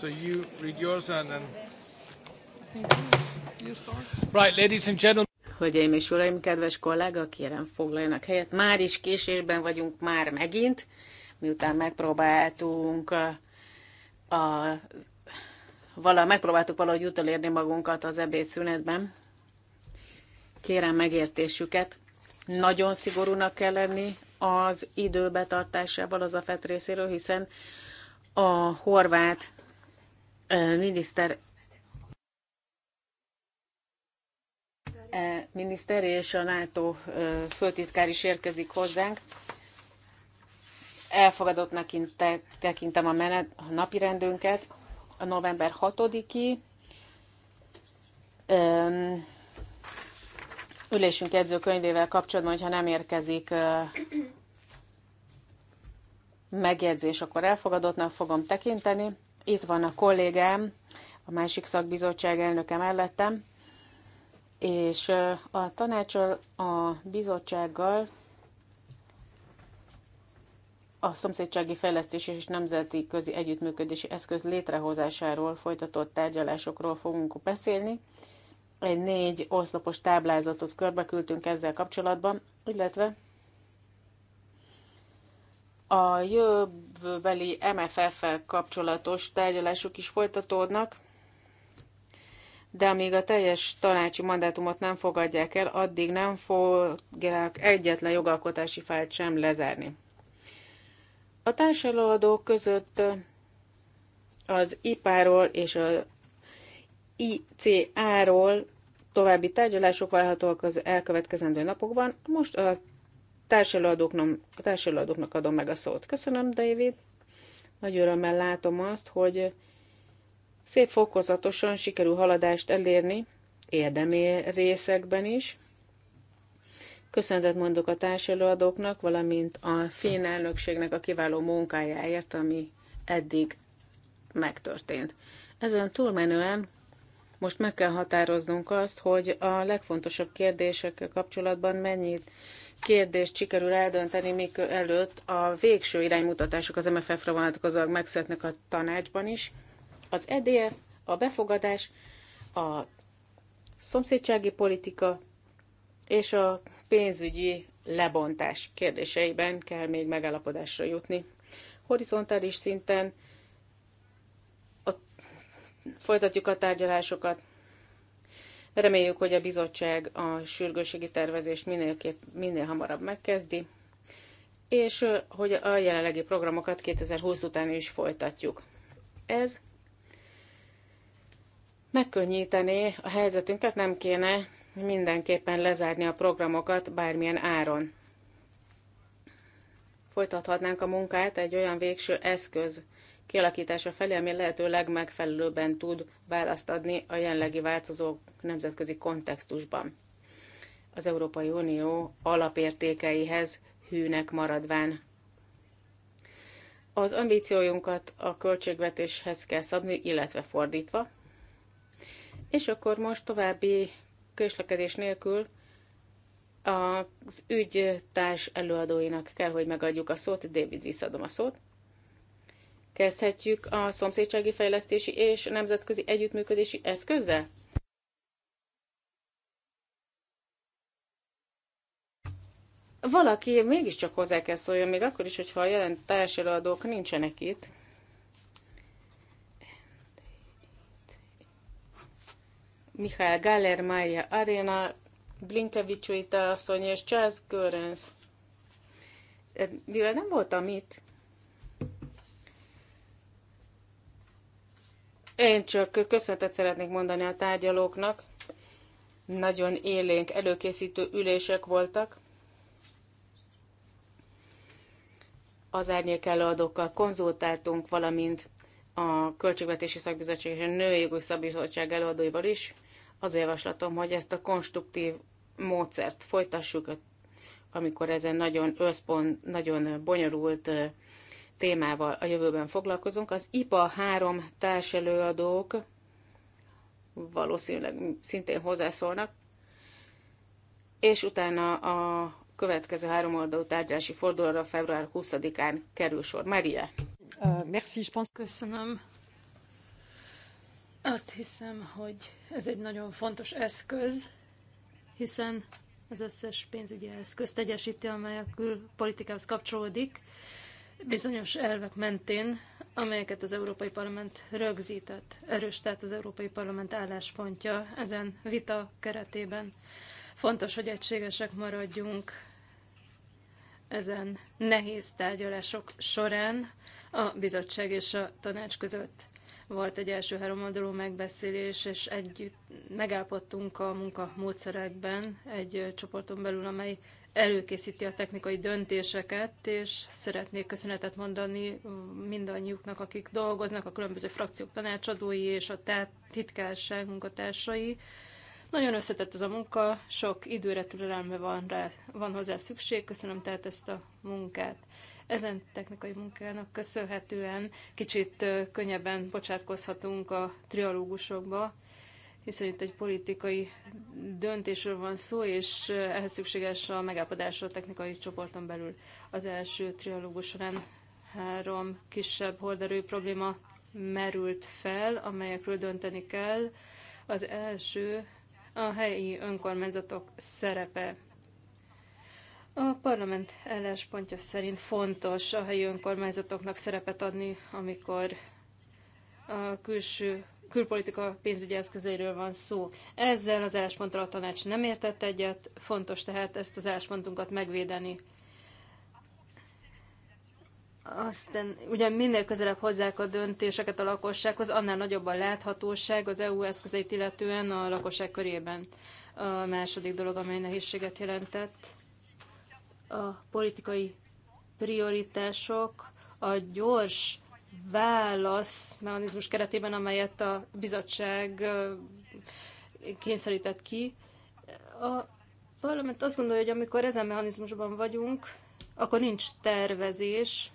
So you read yours and then... Right, ladies and gentlemen. Hölgyeim és uraim, kedves kollega, kérem foglaljanak helyet. Már is késésben vagyunk már megint, miután megpróbáltunk a, uh, a vala, megpróbáltuk valahogy utolérni magunkat az ebédszünetben. Kérem megértésüket. Nagyon szigorúnak kell lenni az idő betartásával az a FET részéről, hiszen a horvát miniszter miniszter és a NATO főtitkár is érkezik hozzánk. Elfogadottnak tekintem a, menet, a napi rendünket. A november 6-i ülésünk jegyzőkönyvével kapcsolatban, hogyha nem érkezik megjegyzés, akkor elfogadottnak fogom tekinteni. Itt van a kollégám, a másik szakbizottság elnöke mellettem, és a tanácsal, a bizottsággal a szomszédsági fejlesztés és nemzeti közi együttműködési eszköz létrehozásáról folytatott tárgyalásokról fogunk beszélni. Egy négy oszlopos táblázatot körbeküldtünk ezzel kapcsolatban, illetve a jövőbeli MFF-fel kapcsolatos tárgyalások is folytatódnak, de amíg a teljes tanácsi mandátumot nem fogadják el, addig nem fogják egyetlen jogalkotási fájlt sem lezárni. A társadalmadók között az IPA-ról és az ICA-ról további tárgyalások várhatóak az elkövetkezendő napokban. Most a társelőadóknak adom meg a szót. Köszönöm, David. Nagy örömmel látom azt, hogy szép fokozatosan sikerül haladást elérni, érdemi részekben is. Köszönetet mondok a társelőadóknak, valamint a finn elnökségnek a kiváló munkájáért, ami eddig megtörtént. Ezen túlmenően most meg kell határoznunk azt, hogy a legfontosabb kérdésekkel kapcsolatban mennyit kérdést sikerül eldönteni, még előtt a végső iránymutatások az MFF-re vonatkozóak megszületnek a tanácsban is. Az EDF, a befogadás, a szomszédsági politika és a pénzügyi lebontás kérdéseiben kell még megállapodásra jutni. Horizontális szinten a, folytatjuk a tárgyalásokat Reméljük, hogy a bizottság a sürgőségi tervezést minél, kép, minél hamarabb megkezdi, és hogy a jelenlegi programokat 2020 után is folytatjuk. Ez megkönnyítené a helyzetünket, nem kéne mindenképpen lezárni a programokat bármilyen áron. Folytathatnánk a munkát egy olyan végső eszköz kialakítása felé, ami lehető legmegfelelőbben tud választ adni a jelenlegi változó nemzetközi kontextusban. Az Európai Unió alapértékeihez hűnek maradván. Az ambíciójunkat a költségvetéshez kell szabni, illetve fordítva. És akkor most további késlekedés nélkül az ügytárs előadóinak kell, hogy megadjuk a szót. David, visszadom a szót. Kezdhetjük a szomszédsági fejlesztési és nemzetközi együttműködési eszközzel? Valaki mégiscsak hozzá kell szóljon, még akkor is, hogyha a jelent társadalmadók nincsenek itt. Mihály Galler, Mária Arena, Blinkevicsúita asszony és Charles Görens. Mivel nem voltam itt, Én csak köszönetet szeretnék mondani a tárgyalóknak. Nagyon élénk előkészítő ülések voltak. Az árnyék előadókkal konzultáltunk, valamint a Költségvetési Szakbizottság és a Nőjogi Szabizottság előadóival is. Az javaslatom, hogy ezt a konstruktív módszert folytassuk, amikor ezen nagyon összpont, nagyon bonyolult témával a jövőben foglalkozunk. Az IPA három társelőadók valószínűleg szintén hozzászólnak, és utána a következő három oldalú tárgyalási fordulóra február 20-án kerül sor. Maria. Merci, Köszönöm. Azt hiszem, hogy ez egy nagyon fontos eszköz, hiszen az összes pénzügyi eszközt egyesíti, amely a külpolitikához kapcsolódik, bizonyos elvek mentén, amelyeket az Európai Parlament rögzített. Erős tehát az Európai Parlament álláspontja ezen vita keretében. Fontos, hogy egységesek maradjunk ezen nehéz tárgyalások során a bizottság és a tanács között volt egy első háromoldalú megbeszélés, és együtt megállapodtunk a munka módszerekben egy csoporton belül, amely előkészíti a technikai döntéseket, és szeretnék köszönetet mondani mindannyiuknak, akik dolgoznak, a különböző frakciók tanácsadói és a titkárság munkatársai. Nagyon összetett ez a munka, sok időre, türelemre van, rá, van hozzá szükség, köszönöm tehát ezt a munkát. Ezen technikai munkának köszönhetően kicsit könnyebben bocsátkozhatunk a trialógusokba, hiszen itt egy politikai döntésről van szó, és ehhez szükséges a megállapodás a technikai csoporton belül. Az első trialógus során három kisebb horderő probléma merült fel, amelyekről dönteni kell. Az első a helyi önkormányzatok szerepe. A parlament álláspontja szerint fontos a helyi önkormányzatoknak szerepet adni, amikor a külső külpolitika pénzügyi eszközeiről van szó. Ezzel az állásponttal a tanács nem értett egyet, fontos tehát ezt az álláspontunkat megvédeni. Aztán ugye minél közelebb hozzák a döntéseket a lakossághoz, annál nagyobb a láthatóság az EU eszközeit illetően a lakosság körében. A második dolog, amely nehézséget jelentett, a politikai prioritások, a gyors válasz mechanizmus keretében, amelyet a bizottság kényszerített ki. A parlament azt gondolja, hogy amikor ezen mechanizmusban vagyunk, akkor nincs tervezés.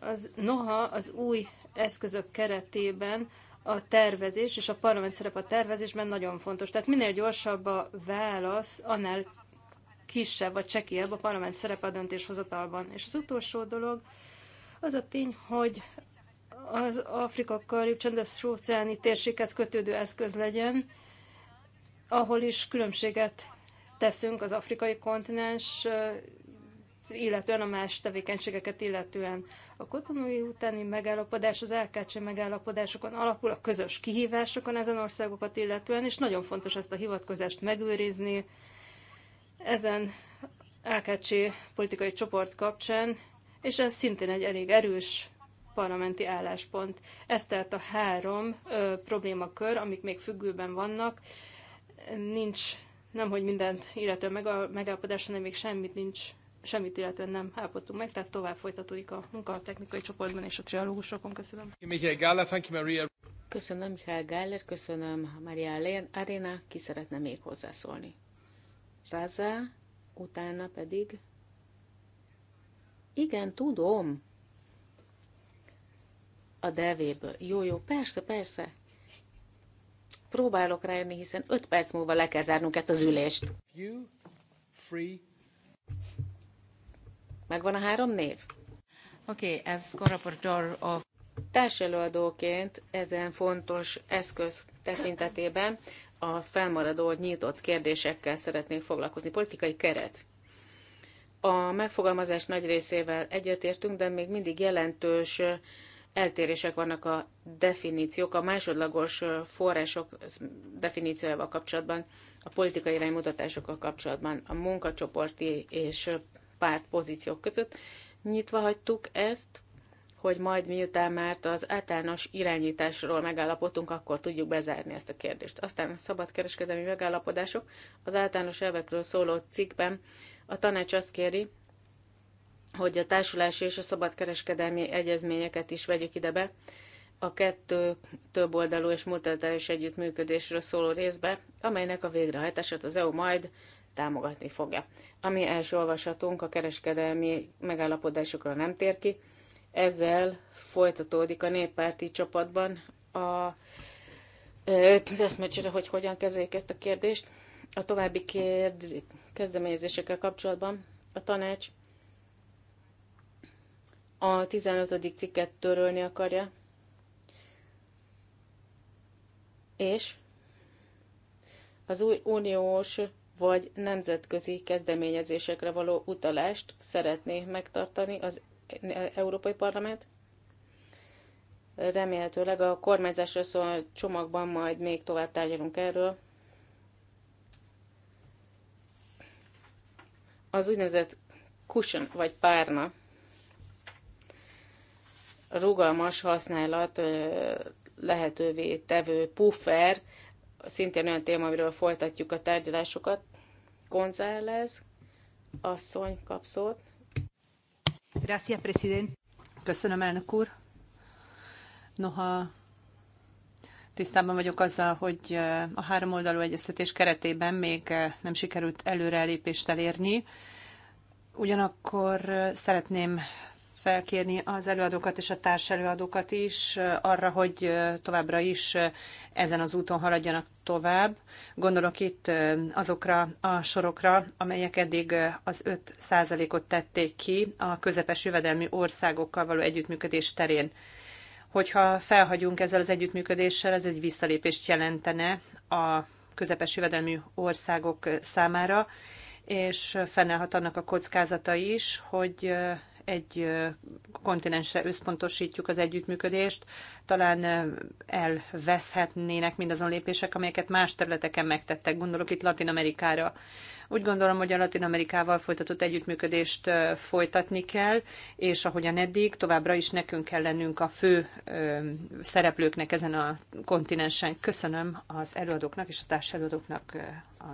Az, noha az új eszközök keretében a tervezés és a parlament szerep a tervezésben nagyon fontos. Tehát minél gyorsabb a válasz, annál kisebb vagy csekélyebb a parlament szerepe a döntéshozatalban. És az utolsó dolog, az a tény, hogy az Afrika-Karib csendes óceáni térséghez kötődő eszköz legyen, ahol is különbséget teszünk az afrikai kontinens, illetően a más tevékenységeket illetően. A kotonói utáni megállapodás, az LKC megállapodásokon alapul, a közös kihívásokon ezen országokat illetően, és nagyon fontos ezt a hivatkozást megőrizni. Ezen LKC politikai csoport kapcsán és ez szintén egy elég erős parlamenti álláspont. Ez tehát a három ö, problémakör, amik még függőben vannak. Nincs, nem hogy mindent illetően meg a megállapodás, hanem még semmit nincs, semmit illetően nem állapodtunk meg, tehát tovább folytatódik a munka a technikai csoportban és a trialógusokon. Köszönöm. Köszönöm, Michael Gáller, köszönöm, Maria Arena, ki szeretne még hozzászólni. Raza, utána pedig igen, tudom. A devéből. Jó, jó, persze, persze. Próbálok rájönni, hiszen öt perc múlva le kell zárnunk ezt az ülést. You, free. Megvan a három név? Oké, okay, ez korraportor of... Társelőadóként ezen fontos eszköz tekintetében a felmaradó nyitott kérdésekkel szeretnék foglalkozni. Politikai keret. A megfogalmazás nagy részével egyetértünk, de még mindig jelentős eltérések vannak a definíciók, a másodlagos források definíciójával kapcsolatban, a politikai iránymutatásokkal kapcsolatban, a munkacsoporti és párt pozíciók között. Nyitva hagytuk ezt, hogy majd miután már az általános irányításról megállapodtunk, akkor tudjuk bezárni ezt a kérdést. Aztán a szabadkereskedelmi megállapodások az általános elvekről szóló cikkben a tanács azt kéri, hogy a társulási és a szabadkereskedelmi egyezményeket is vegyük ide be a kettő több oldalú és multilaterális együttműködésről szóló részbe, amelynek a végrehajtását az EU majd támogatni fogja. Ami első olvasatunk a kereskedelmi megállapodásokra nem tér ki, ezzel folytatódik a néppárti csapatban a, az eszmecsere, hogy hogyan kezeljék ezt a kérdést a további kérd, kezdeményezésekkel kapcsolatban a tanács a 15. cikket törölni akarja, és az új uniós vagy nemzetközi kezdeményezésekre való utalást szeretné megtartani az Európai Parlament. Remélhetőleg a kormányzásra szól csomagban majd még tovább tárgyalunk erről. Az úgynevezett cushion vagy párna rugalmas használat lehetővé tevő puffer, szintén olyan téma, amiről folytatjuk a tárgyalásokat. González asszony kapszót. Köszönöm, elnök úr. Noha Tisztában vagyok azzal, hogy a háromoldalú egyeztetés keretében még nem sikerült előrelépést elérni. Ugyanakkor szeretném felkérni az előadókat és a társelőadókat is arra, hogy továbbra is ezen az úton haladjanak tovább. Gondolok itt azokra a sorokra, amelyek eddig az 5%-ot tették ki a közepes jövedelmi országokkal való együttműködés terén hogyha felhagyunk ezzel az együttműködéssel, ez egy visszalépést jelentene a közepes jövedelmű országok számára, és fennállhat annak a kockázata is, hogy egy kontinensre összpontosítjuk az együttműködést, talán elveszhetnének mindazon lépések, amelyeket más területeken megtettek. Gondolok itt Latin Amerikára. Úgy gondolom, hogy a Latin Amerikával folytatott együttműködést folytatni kell, és ahogyan eddig, továbbra is nekünk kell lennünk a fő szereplőknek ezen a kontinensen. Köszönöm az előadóknak és a társelőadóknak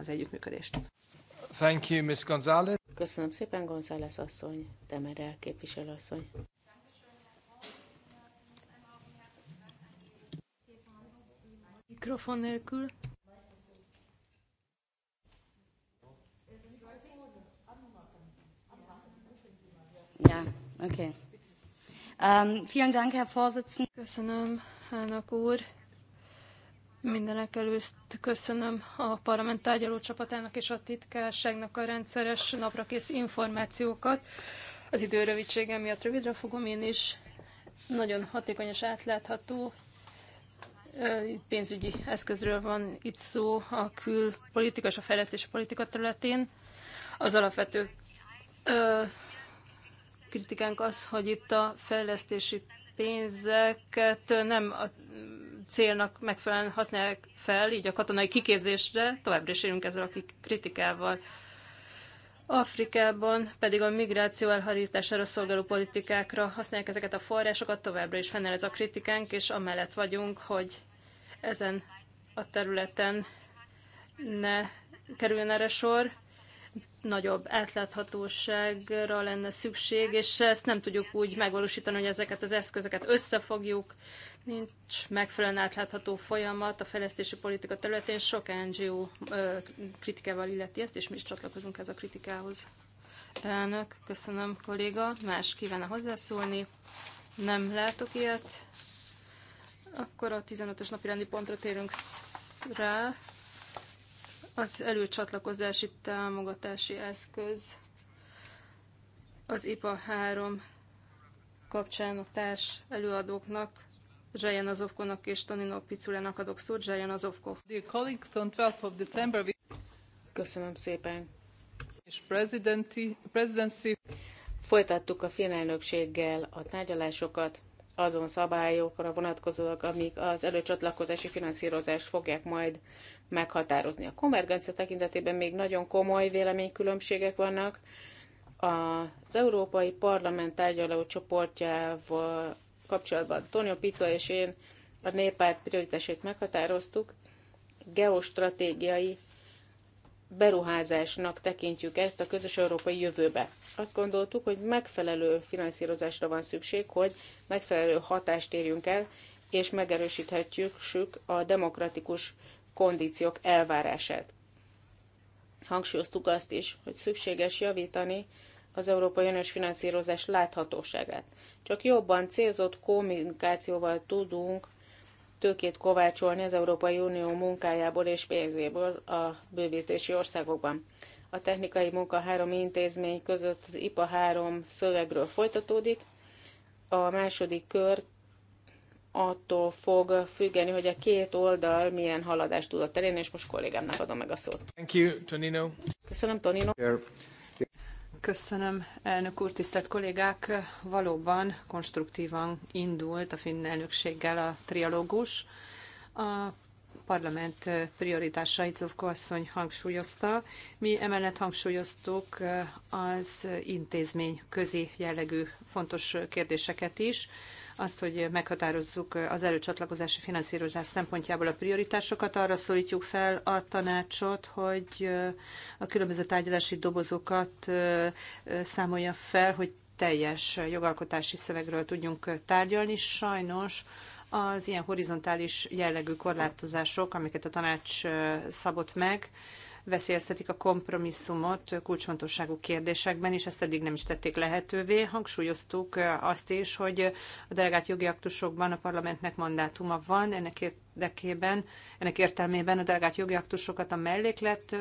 az együttműködést. Thank you, Ms. González. Köszönöm szépen, González asszony, Temerel képviselő asszony. Mikrofon nélkül. Ja, oké. okay. Um, vielen Dank, Herr Vorsitzender. Köszönöm, elnök úr. Mindenek előtt köszönöm a parlament tárgyaló csapatának és a titkárságnak a rendszeres naprakész információkat. Az idő rövidsége miatt rövidre fogom én is. Nagyon hatékony és átlátható pénzügyi eszközről van itt szó a külpolitika és a fejlesztési politika területén. Az alapvető ö, kritikánk az, hogy itt a fejlesztési pénzeket nem a célnak megfelelően használják fel, így a katonai kiképzésre továbbra is élünk ezzel a kritikával. Afrikában pedig a migráció elharítására szolgáló politikákra használják ezeket a forrásokat, továbbra is fennáll ez a kritikánk, és amellett vagyunk, hogy ezen a területen ne kerüljön erre sor, nagyobb átláthatóságra lenne szükség, és ezt nem tudjuk úgy megvalósítani, hogy ezeket az eszközöket összefogjuk, Nincs megfelelően átlátható folyamat a fejlesztési politika területén. Sok NGO kritikával illeti ezt, és mi is csatlakozunk ez a kritikához. Elnök, köszönöm kolléga. Más kívánna hozzászólni? Nem látok ilyet. Akkor a 15-ös napi rendi pontra térünk rá. Az előcsatlakozási támogatási eszköz az IPA 3 kapcsán a társ előadóknak Zsajan Azovkonak és Tonino Piculának adok szót. Zsajan Azovko. Dear colleagues, on 12 of December we... Köszönöm szépen. És presidency. Folytattuk a finelnökséggel a tárgyalásokat azon szabályokra vonatkozóak, amik az előcsatlakozási finanszírozást fogják majd meghatározni. A konvergencia tekintetében még nagyon komoly véleménykülönbségek vannak. Az Európai Parlament tárgyaló csoportjával kapcsolatban Tonio Pico és én a néppárt prioritásait meghatároztuk, geostratégiai beruházásnak tekintjük ezt a közös európai jövőbe. Azt gondoltuk, hogy megfelelő finanszírozásra van szükség, hogy megfelelő hatást érjünk el, és megerősíthetjük a demokratikus kondíciók elvárását. Hangsúlyoztuk azt is, hogy szükséges javítani az Európai Uniós finanszírozás láthatóságát. Csak jobban célzott kommunikációval tudunk tőkét kovácsolni az Európai Unió munkájából és pénzéből a bővítési országokban. A technikai munka három intézmény között az IPA három szövegről folytatódik. A második kör attól fog függeni, hogy a két oldal milyen haladást tudott elérni, és most kollégámnak adom meg a szót. Thank you, Tonino. Köszönöm, Tonino. Köszönöm, elnök úr, tisztelt kollégák! Valóban konstruktívan indult a finn elnökséggel a trialógus. A parlament prioritásait Zovko asszony hangsúlyozta. Mi emellett hangsúlyoztuk az intézmény közi jellegű fontos kérdéseket is, azt, hogy meghatározzuk az előcsatlakozási finanszírozás szempontjából a prioritásokat. Arra szólítjuk fel a tanácsot, hogy a különböző tárgyalási dobozokat számolja fel, hogy teljes jogalkotási szövegről tudjunk tárgyalni. Sajnos az ilyen horizontális jellegű korlátozások, amiket a tanács szabott meg, veszélyeztetik a kompromisszumot kulcsfontosságú kérdésekben, és ezt eddig nem is tették lehetővé. Hangsúlyoztuk azt is, hogy a delegált jogi aktusokban a parlamentnek mandátuma van, ennek érdekében, ennek értelmében a delegált jogi aktusokat a melléklet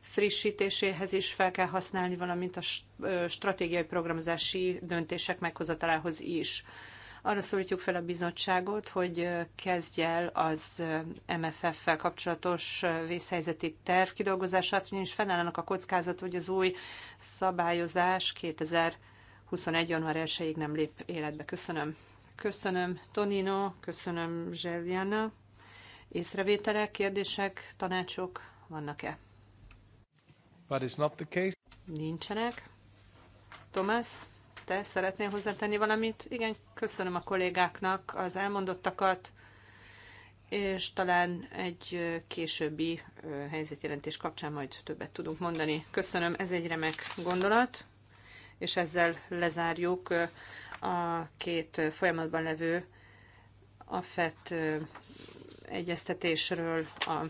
frissítéséhez is fel kell használni, valamint a stratégiai programozási döntések meghozatalához is. Arra szólítjuk fel a bizottságot, hogy kezdje el az MFF-fel kapcsolatos vészhelyzeti terv kidolgozását, ugyanis fennállnak a kockázat, hogy az új szabályozás 2021. január 1-ig nem lép életbe. Köszönöm. Köszönöm Tonino, köszönöm Zseldiana. Észrevételek, kérdések, tanácsok vannak-e? But it's not the case. Nincsenek. Thomas? te szeretnél hozzátenni valamit? Igen, köszönöm a kollégáknak az elmondottakat, és talán egy későbbi helyzetjelentés kapcsán majd többet tudunk mondani. Köszönöm, ez egy remek gondolat, és ezzel lezárjuk a két folyamatban levő a FET egyeztetésről a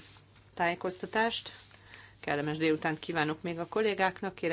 tájékoztatást. Kellemes délután kívánok még a kollégáknak, kérem